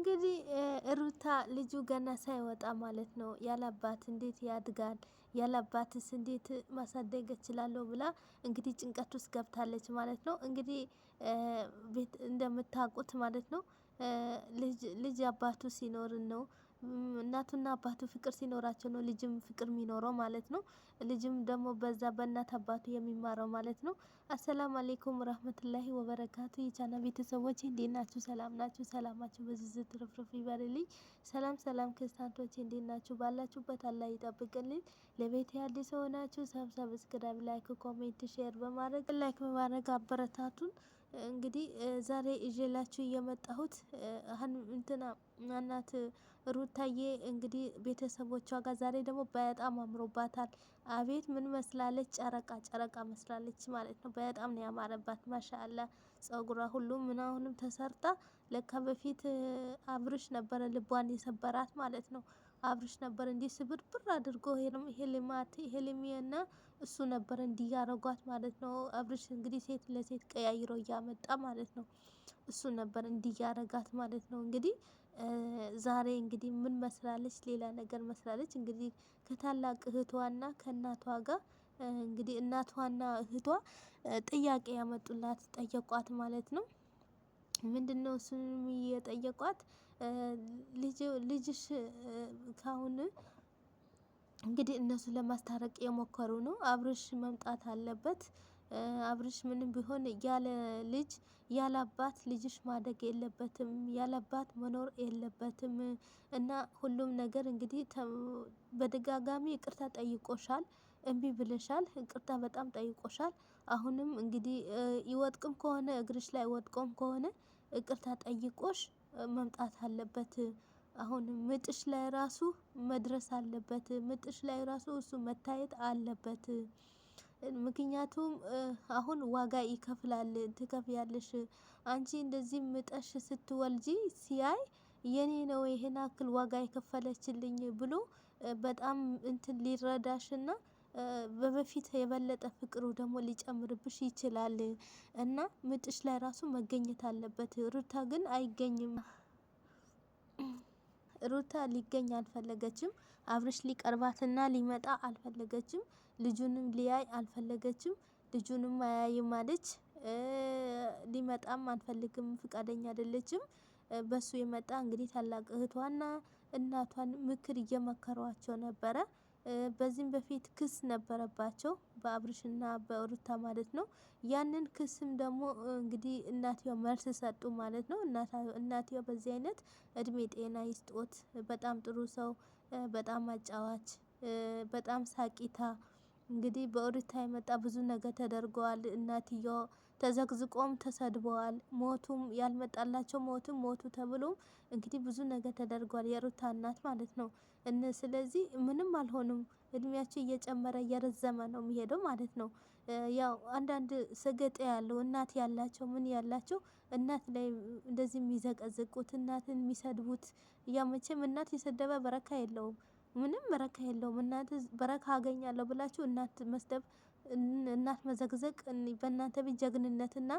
እንግዲህ ሩታ ልጁ ገና ሳይወጣ ማለት ነው ያላባት እንዴት ያድጋል ያላባትስ እንዴት ማሳደግ እችላለሁ ብላ እንግዲህ ጭንቀት ውስጥ ገብታለች ማለት ነው። እንግዲህ እንደምታውቁት ማለት ነው ልጅ አባቱ ሲኖር ነው እናትና አባቱ ፍቅር ሲኖራቸው ነው ልጅም ፍቅር የሚኖረው ማለት ነው። ልጅም ደግሞ በዛ በእናት አባቱ የሚማረው ማለት ነው። አሰላም አሌይኩም ረህመቱላሂ ወበረካቱ የቻና ቤተሰቦች እንዴት ናችሁ? ሰላም ናችሁ? ሰላማችሁ በዝዝት ትርፍርፍ ይበልልኝ። ሰላም ሰላም ክርስቲያኖች እንዴት ናችሁ? ባላችሁበት አላህ ይጠብቅልኝ። ለቤት አዲስ የሆናችሁ ሰብሰብ እስክዳቢ ላይክ፣ ኮሜንት፣ ሼር በማድረግ ላይክ በማድረግ አበረታቱን። እንግዲህ ዛሬ እዤላችሁ እየመጣሁት እንትና እናት ሩታዬ እንግዲህ ቤተሰቦቿ ጋር ዛሬ ደግሞ በጣም አምሮባታል። አቤት ምን መስላለች? ጨረቃ ጨረቃ መስላለች ማለት ነው። በጣም ነው ያማረባት። ማሻአላ ጸጉሯ ሁሉም ምን አሁንም ተሰርጣ። ለካ በፊት አብርሽ ነበረ ልቧን የሰበራት ማለት ነው። አብርሽ ነበር እንዲህ ስብርብር አድርጎ ሄልማት ሄልሚና እሱ ነበር እንዲህ ያረጓት ማለት ነው። አብርሽ እንግዲህ ሴት ለሴት ቀያይሮ እያመጣ ማለት ነው። እሱ ነበር እንዲህ ያረጋት ማለት ነው። እንግዲህ ዛሬ እንግዲህ ምን መስላለች? ሌላ ነገር መስላለች። እንግዲህ ከታላቅ እህቷና ከእናቷ ጋር እንግዲህ እናቷና እህቷ ጥያቄ ያመጡላት ጠየቋት ማለት ነው። ምንድን ነው እሱም የጠየቋት ልጅሽ ካሁን እንግዲህ እነሱ ለማስታረቅ የሞከሩ ነው። አብርሽ መምጣት አለበት። አብርሽ ምንም ቢሆን ያለ ልጅ ያለ አባት ልጅሽ ማደግ የለበትም፣ ያለ አባት መኖር የለበትም እና ሁሉም ነገር እንግዲህ በደጋጋሚ ይቅርታ ጠይቆሻል፣ እምቢ ብለሻል፣ ይቅርታ በጣም ጠይቆሻል። አሁንም እንግዲህ ይወጥቅም ከሆነ እግርሽ ላይ ወጥቆም ከሆነ ይቅርታ ጠይቆሽ መምጣት አለበት። አሁን ምጥሽ ላይ ራሱ መድረስ አለበት። ምጥሽ ላይ ራሱ እሱ መታየት አለበት። ምክንያቱም አሁን ዋጋ ይከፍላል፣ ትከፍያለሽ። አንቺ እንደዚህ ምጠሽ ስትወልጂ ሲያይ የኔ ነው ይሄን አክል ዋጋ የከፈለችልኝ ብሎ በጣም እንትን ሊረዳሽና በበፊት የበለጠ ፍቅሩ ደግሞ ሊጨምርብሽ ይችላል እና ምጥሽ ላይ ራሱ መገኘት አለበት። ሩታ ግን አይገኝም። ሩታ ሊገኝ አልፈለገችም። አብርሽ ሊቀርባትና ሊመጣ አልፈለገችም። ልጁንም ሊያይ አልፈለገችም። ልጁንም አያይም አለች። ሊመጣም አልፈልግም ፍቃደኛ አይደለችም። በሱ የመጣ እንግዲህ ታላቅ እህቷና እናቷን ምክር እየመከሯቸው ነበረ። በዚህም በፊት ክስ ነበረባቸው በአብርሽና በሩታ ማለት ነው። ያንን ክስም ደግሞ እንግዲህ እናትየው መልስ ሰጡ ማለት ነው። እናትየው በዚህ አይነት እድሜ ጤና ይስጦት። በጣም ጥሩ ሰው፣ በጣም አጫዋች፣ በጣም ሳቂታ። እንግዲህ በሩታ የመጣ ብዙ ነገር ተደርገዋል እናትየው ተዘግዝቆም ተሰድበዋል። ሞቱም ያልመጣላቸው ሞቱም ሞቱ ተብሎም እንግዲህ ብዙ ነገር ተደርጓል። የሩታ እናት ማለት ነው። ስለዚህ ምንም አልሆኑም። እድሜያቸው እየጨመረ እየረዘመ ነው የሚሄደው ማለት ነው። ያው አንዳንድ ሰገጠ ያለው እናት ያላቸው ምን ያላቸው እናት ላይ እንደዚህ የሚዘቀዝቁት እናትን የሚሰድቡት ያ መቼም እናት የሰደበ በረካ የለውም። ምንም በረካ የለውም። እናት በረካ አገኛለሁ ብላችሁ እናት መስደብ እናት መዘግዘቅ በእናንተ ቤት ጀግንነትና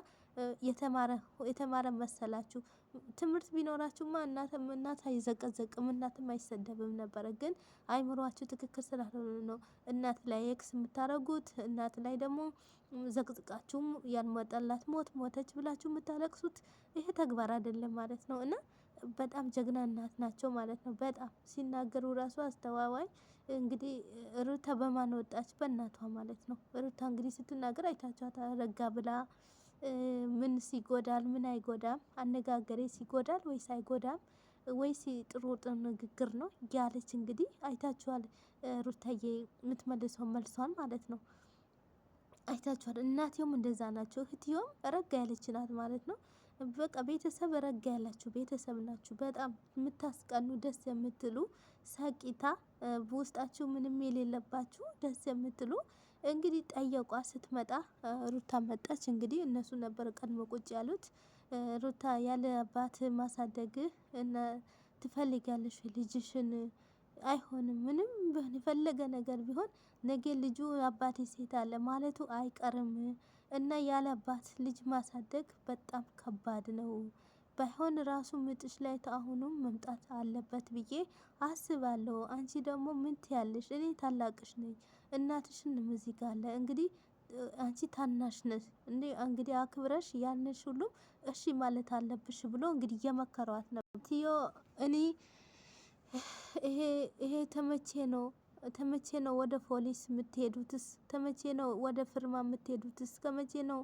የተማረ መሰላችሁ። ትምህርት ቢኖራችሁማ እናትም እናት አይዘቀዘቅም እናትም አይሰደብም ነበረ። ግን አይምሯችሁ ትክክል ስላልሆነ ነው እናት ላይ ኤክስ የምታረጉት። እናት ላይ ደግሞ ዘቅዝቃችሁም ያልሞጠላት ሞት ሞተች ብላችሁ የምታለቅሱት ይሄ ተግባር አይደለም ማለት ነው እና በጣም ጀግና እናት ናቸው ማለት ነው። በጣም ሲናገሩ ራሱ አስተዋዋይ እንግዲህ ሩታ በማን ወጣች? በእናቷ ማለት ነው። ሩታ እንግዲህ ስትናገር አይታችኋት ረጋ ብላ ምን ሲጎዳል፣ ምን አይጎዳም፣ አነጋገሬ ሲጎዳል ወይስ አይጎዳም ወይስ ጥሩ ጥሩ ንግግር ነው ያለች እንግዲህ አይታችኋል። ሩታዬ የምትመልሰው መልሷን ማለት ነው አይታችኋል። እናትዮም እንደዛ ናቸው። እህትዮም ረጋ ያለች ናት ማለት ነው። በቃ ቤተሰብ ረጋ ያላችሁ ቤተሰብ ናችሁ። በጣም የምታስቀኑ ደስ የምትሉ ሰቂታ በውስጣችሁ ምንም የሌለባችሁ ደስ የምትሉ እንግዲህ ጠየቋ። ስትመጣ ሩታ መጣች። እንግዲህ እነሱ ነበር ቀድሞ ቁጭ ያሉት። ሩታ ያለ አባት ማሳደግ ትፈልጋለሽ ልጅሽን አይሆንም። ምንም የፈለገ ነገር ቢሆን ነገ ልጁ አባቴ ሴት አለ ማለቱ አይቀርም። እና ያለባት ልጅ ማሳደግ በጣም ከባድ ነው። ባይሆን ራሱ ምጥሽ ላይ አሁኑም መምጣት አለበት ብዬ አስባለሁ። አንቺ ደግሞ ምን ትያለሽ? እኔ ታላቅሽ ነኝ። እናትሽን እዚህ እንግዲህ አንቺ ታናሽ ነሽ እንዴ እንግዲህ አክብረሽ ያንሽ ሁሉ እሺ ማለት አለብሽ ብሎ እንግዲህ እየመከሯት ነበር። ትዮ እኔ ይሄ ተመቼ ነው ተመቼ ነው ወደ ፖሊስ የምትሄዱትስ? ተመቼ ነው ወደ ፍርማ የምትሄዱትስ? ከመቼ ነው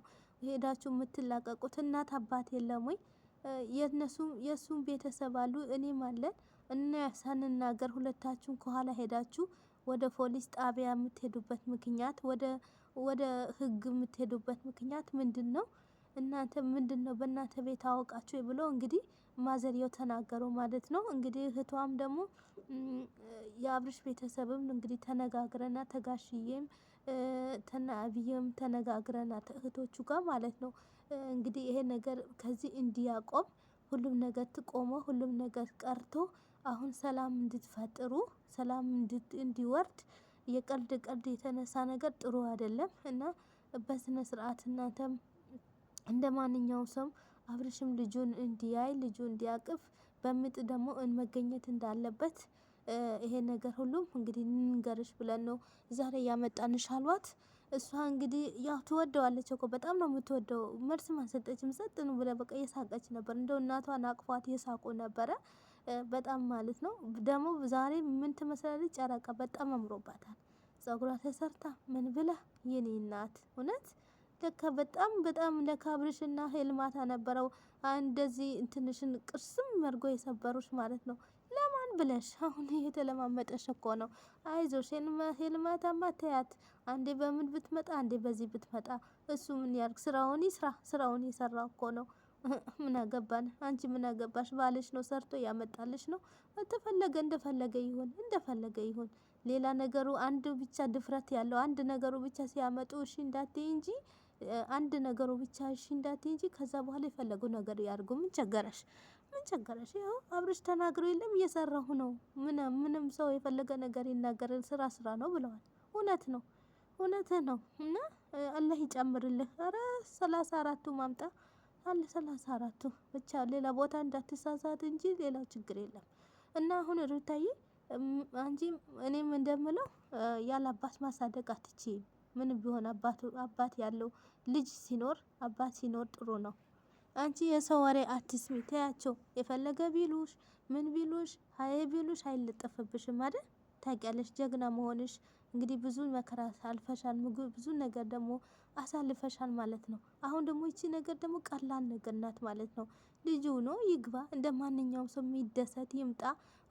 ሄዳችሁ የምትላቀቁት? እናት አባት የለም ወይ? የነሱም የእሱም ቤተሰብ አሉ፣ እኔም አለን እና ሳንናገር ሁለታችሁም ከኋላ ሄዳችሁ ወደ ፖሊስ ጣቢያ የምትሄዱበት ምክንያት ወደ ወደ ህግ የምትሄዱበት ምክንያት ምንድን ነው? እናንተ ምንድን ነው በእናንተ ቤት አወቃችሁ ብሎ እንግዲህ ማዘርየው ተናገሩ ማለት ነው። እንግዲህ እህቷም ደግሞ የአብርሽ ቤተሰብም እንግዲህ ተነጋግረና ተጋሽዬም ተናብዬም ተነጋግረና እህቶቹ ጋር ማለት ነው እንግዲህ ይሄ ነገር ከዚህ እንዲያቆም ሁሉም ነገር ትቆመ ሁሉም ነገር ቀርቶ አሁን ሰላም እንድትፈጥሩ ሰላም እንዲወርድ የቀልድ ቀልድ የተነሳ ነገር ጥሩ አይደለም እና በስነ ስርዓት እናንተም እንደ ማንኛውም ሰው አብርሽም ልጁን እንዲያይ ልጁ እንዲያቅፍ በምጥ ደግሞ መገኘት እንዳለበት ይሄ ነገር ሁሉም እንግዲህ ንንገርሽ ብለን ነው ዛሬ ያመጣንሽ አሏት። እሷ እንግዲህ ያው ትወደዋለች እኮ በጣም ነው የምትወደው። መልስም አልሰጠችም። ነው ብለ በቃ የሳቀች ነበር። እንደው እናቷን አቅፏት የሳቁ ነበረ በጣም ማለት ነው። ደግሞ ዛሬ ምን ትመስላለች? ጨረቃ በጣም አምሮባታል። ጸጉሯ ተሰርታ ምን ብላ የኔ እናት እውነት ለካ በጣም በጣም ለካ አብርሽና ሄልማታ ነበረው እንደዚህ እንትንሽን ቅርስም መርጎ የሰበሩሽ ማለት ነው። ለማን ብለሽ አሁን እየተለማመጠሽ እኮ ነው። አይዞሽ ሄልማታማ ተያት። አንዴ በምን ብትመጣ አንዴ በዚህ ብትመጣ እሱ ምን ያርግ? ስራውን ይስራ። ስራውን የሰራ እኮ ነው። ምን አገባን? አንቺ ምን አገባሽ? ባልሽ ነው ሰርቶ ያመጣልሽ ነው። ተፈለገ እንደፈለገ ይሁን እንደፈለገ ይሁን። ሌላ ነገሩ አንድ ብቻ ድፍረት ያለው አንድ ነገሩ ብቻ ሲያመጡ እሺ እንዳትይ እንጂ አንድ ነገሩ ብቻ እሺ እንዳት እንጂ ከዛ በኋላ የፈለገው ነገር ያርጉ። ምን ቸገረሽ? ምን ቸገረሽ? ያው አብረሽ ተናግሮ የለም እየሰራሁ ነው። ምንም ምንም ሰው የፈለገ ነገር ይናገራል። ስራ ስራ ነው ብለዋል። እውነት ነው፣ እውነት ነው። እና አላህ ይጨምርልህ። አረ ሰላሳ አራቱ ማምጣ አለ ሰላሳ አራቱ ብቻ። ሌላ ቦታ እንዳትሳሳት እንጂ ሌላው ችግር የለም። እና አሁን ሩታዬ አንቺ እኔም እንደምለው ያለ አባት ማሳደግ አትችይም። ምን ቢሆን አባት ያለው ልጅ ሲኖር አባት ሲኖር ጥሩ ነው። አንቺ የሰው ወሬ አትስሚ፣ ተያቸው። የፈለገ ቢሉሽ ምን ቢሉሽ ሀይ ቢሉሽ አይለጠፍብሽም አይደል? ታውቂያለሽ ጀግና መሆንሽ። እንግዲህ ብዙ መከራ አልፈሻል፣ ምግብ ብዙ ነገር ደግሞ አሳልፈሻል ማለት ነው። አሁን ደግሞ ይቺ ነገር ደግሞ ቀላል ነገር ናት ማለት ነው። ልጁ ነው ይግባ፣ እንደ ማንኛውም ሰው የሚደሰት ይምጣ።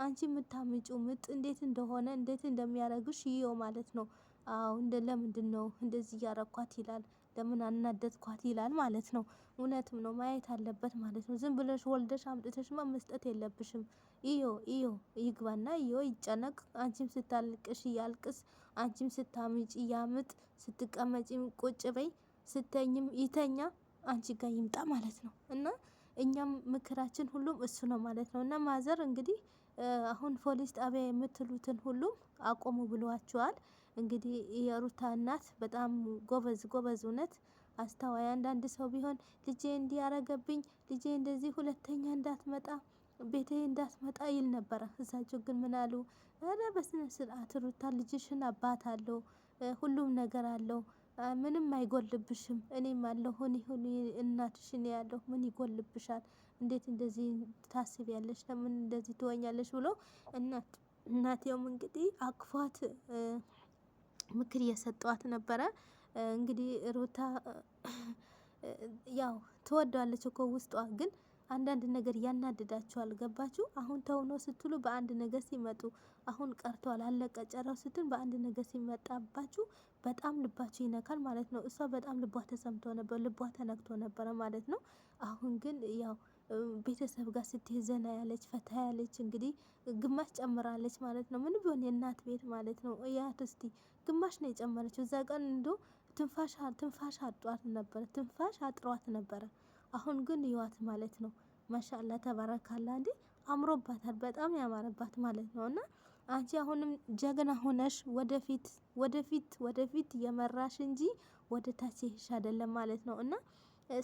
አንቺ የምታምጩ ምጥ እንዴት እንደሆነ እንዴት እንደሚያደርግሽ ይየው ማለት ነው። አዎ እንደ ለምንድን ነው እንደዚህ እያረኳት ይላል። ለምን አናደድኳት ይላል ማለት ነው። እውነትም ነው ማየት አለበት ማለት ነው። ዝም ብለሽ ወልደሽ አምጥተሽማ መስጠት የለብሽም። እዮ እዮ ይግባና እዮ ይጨነቅ። አንቺም ስታልቅሽ እያልቅስ፣ አንቺም ስታምጪ እያምጥ፣ ስትቀመጪም ቁጭ በይ፣ ስተኝም ይተኛ አንቺ ጋር ይምጣ ማለት ነው። እና እኛም ምክራችን ሁሉም እሱ ነው ማለት ነው። እና ማዘር እንግዲህ አሁን ፖሊስ ጣቢያ የምትሉትን ሁሉም አቆሙ ብሏቸዋል እንግዲህ የሩታ እናት በጣም ጎበዝ ጎበዝ፣ እውነት አስተዋይ። አንዳንድ ሰው ቢሆን ልጄ እንዲያረገብኝ ልጄ እንደዚህ ሁለተኛ እንዳትመጣ ቤቴ እንዳትመጣ ይል ነበረ። እሳቸው ግን ምን አሉ? ኧረ በስነ ስርዓት ሩታ ልጅሽን አባት አለው ሁሉም ነገር አለው ምንም አይጎልብሽም። እኔም አለሁ ሆኔ ያለሁ ምን ይጎልብሻል? እንዴት እንደዚህ ታስቢያለሽ? ለምን እንደዚህ ትወኛለሽ? ብሎ እናት እናትየውም እንግዲህ አቅፏት ምክር እየሰጠዋት ነበረ። እንግዲህ ሩታ ያው ትወደዋለች እኮ ውስጧ፣ ግን አንዳንድ ነገር ያናድዳቸዋል። ገባችሁ? አሁን ተው ነው ስትሉ በአንድ ነገር ሲመጡ፣ አሁን ቀርቷል አለቀ ጨረው ስትል በአንድ ነገር ሲመጣባችሁ በጣም ልባችሁ ይነካል ማለት ነው። እሷ በጣም ልቧ ተሰምቶ ነበር፣ ልቧ ተነክቶ ነበረ ማለት ነው። አሁን ግን ያው ቤተሰብ ጋር ስትሄድ ዘና ያለች ፈታ ያለች እንግዲህ ግማሽ ጨምራለች ማለት ነው። ምን ቢሆን የእናት ቤት ማለት ነው። እያት እስቲ ግማሽ ነው የጨመረችው። እዛ ቀን እንዶ ትንፋሽ ትንፋሽ አጧት ነበረ፣ ትንፋሽ አጥሯት ነበረ። አሁን ግን እዩዋት ማለት ነው። ማሻላ ተባረካላ። እንዴ አምሮባታል፣ በጣም ያማረባት ማለት ነው። እና አንቺ አሁንም ጀግና ሆነሽ ወደፊት ወደፊት ወደፊት የመራሽ እንጂ ወደ ታች ይሄሽ አይደለም ማለት ነው እና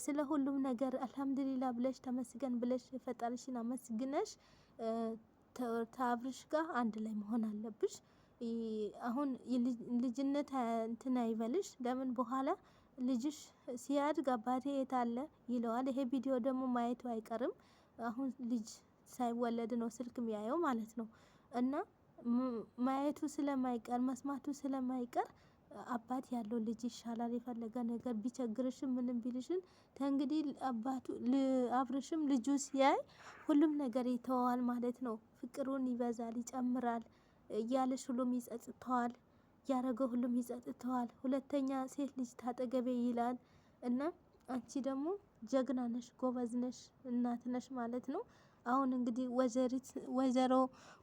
ስለ ሁሉም ነገር አልሐምዱሊላ ብለሽ ተመስገን ብለሽ ፈጣሪሽን አመስግነሽ ታብርሽ ጋር አንድ ላይ መሆን አለብሽ። አሁን ልጅነት እንትን አይበልሽ። ለምን በኋላ ልጅሽ ሲያድግ አባቴ የት አለ ይለዋል። ይሄ ቪዲዮ ደግሞ ማየቱ አይቀርም። አሁን ልጅ ሳይወለድ ነው ስልክም ያየው ማለት ነው እና ማየቱ ስለማይቀር መስማቱ ስለማይቀር አባት ያለው ልጅ ይሻላል። የፈለገ ነገር ቢቸግርሽም ምንም ቢልሽም ከእንግዲህ አባቱ አብርሽም ልጁ ሲያይ ሁሉም ነገር ይተዋል ማለት ነው። ፍቅሩን ይበዛል፣ ይጨምራል እያለሽ ሁሉም ይጸጽተዋል። ያረገ ሁሉም ይጸጽተዋል። ሁለተኛ ሴት ልጅ ታጠገቤ ይላል እና አንቺ ደግሞ ጀግና ነሽ፣ ጎበዝ ነሽ፣ እናት ነሽ ማለት ነው። አሁን እንግዲህ ወዘሪት ወይዘሮ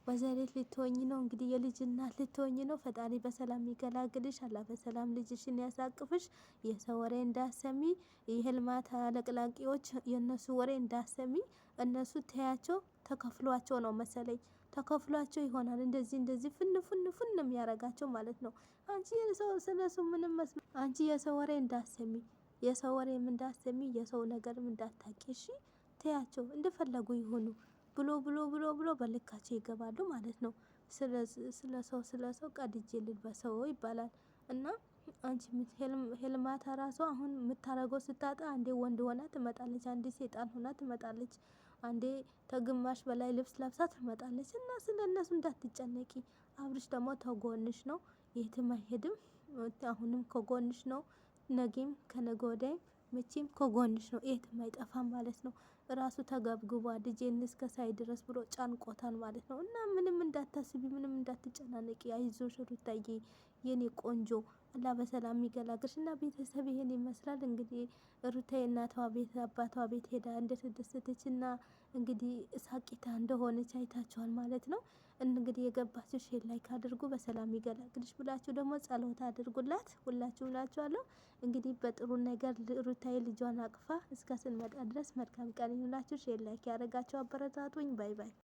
ወዘሪት ልትሆኝ ነው እንግዲህ የልጅ እናት ልትሆኝ ነው። ፈጣሪ በሰላም ይገላግልሽ። አላ በሰላም ልጅሽን ያሳቅፍሽ። የሰው ወሬ እንዳሰሚ፣ የህልማት አለቅላቂዎች የእነሱ ወሬ እንዳሰሚ። እነሱ ተያቸው ተከፍሏቸው ነው መሰለኝ ተከፍሏቸው ይሆናል እንደዚህ እንደዚህ ፍን ፍን ፍን የሚያረጋቸው ማለት ነው። አንቺ የሰው ስለሱ ምንም መስማ አንቺ የሰው ወሬ እንዳሰሚ የሰው ወሬም እንዳሰሚ የሰው ነገርም እንዳታቂ እሺ ተያቸው እንደፈለጉ ይሆኑ ብሎ ብሎ ብሎ ብሎ በልካቸው ይገባሉ ማለት ነው። ስለ ሰው ስለ ሰው ቀድጄ ልበሰው ይባላል እና አንቺ ሄልማታ ራሷ አሁን የምታረገው ስታጣ አንዴ ወንድ ሆና ትመጣለች፣ አንዴ ሴጣን ሆና ትመጣለች፣ አንዴ ከግማሽ በላይ ልብስ ለብሳ ትመጣለች። እና ስለ እነሱ እንዳትጨነቂ። አብርሽ ደግሞ ተጎንሽ ነው፣ የትም አይሄድም፣ አሁንም ከጎንሽ ነው። ነገም ከነገ ወዲያም መቼም ከጎንሽ ነው። የትም አይጠፋም ማለት ነው። ራሱ ተገብግቧ ልጄን እስከ ሳይ ድረስ ብሎ ጫንቆታል ማለት ነው። እና ምንም እንዳታስቢ፣ ምንም እንዳትጨናነቂ፣ አይዞሽ ሩታዬ፣ የኔ ቆንጆ አላ በሰላም የሚገላግልሽ እና ቤተሰብ ይሄን ይመስላል እንግዲህ ሩታ እናቷ ቤት አባቷ ቤት ሄዳ እንደተደሰተች እና እንግዲህ ሳቂታ እንደሆነች አይታችኋል ማለት ነው። እንግዲህ የገባችሁ ሼር ላይክ አድርጉ። በሰላም ይገላግልሽ ብላችሁ ደግሞ ጸሎት አድርጉላት። ሁላችሁ ብላችኋለሁ። እንግዲህ በጥሩ ነገር ሩታዬ ልጇን አቅፋ እስከ ስንመጣ ድረስ መልካም ቀን ይሁንላችሁ። ሼር ላይክ ያደረጋችሁ አበረታቱኝ። ባይ ባይ።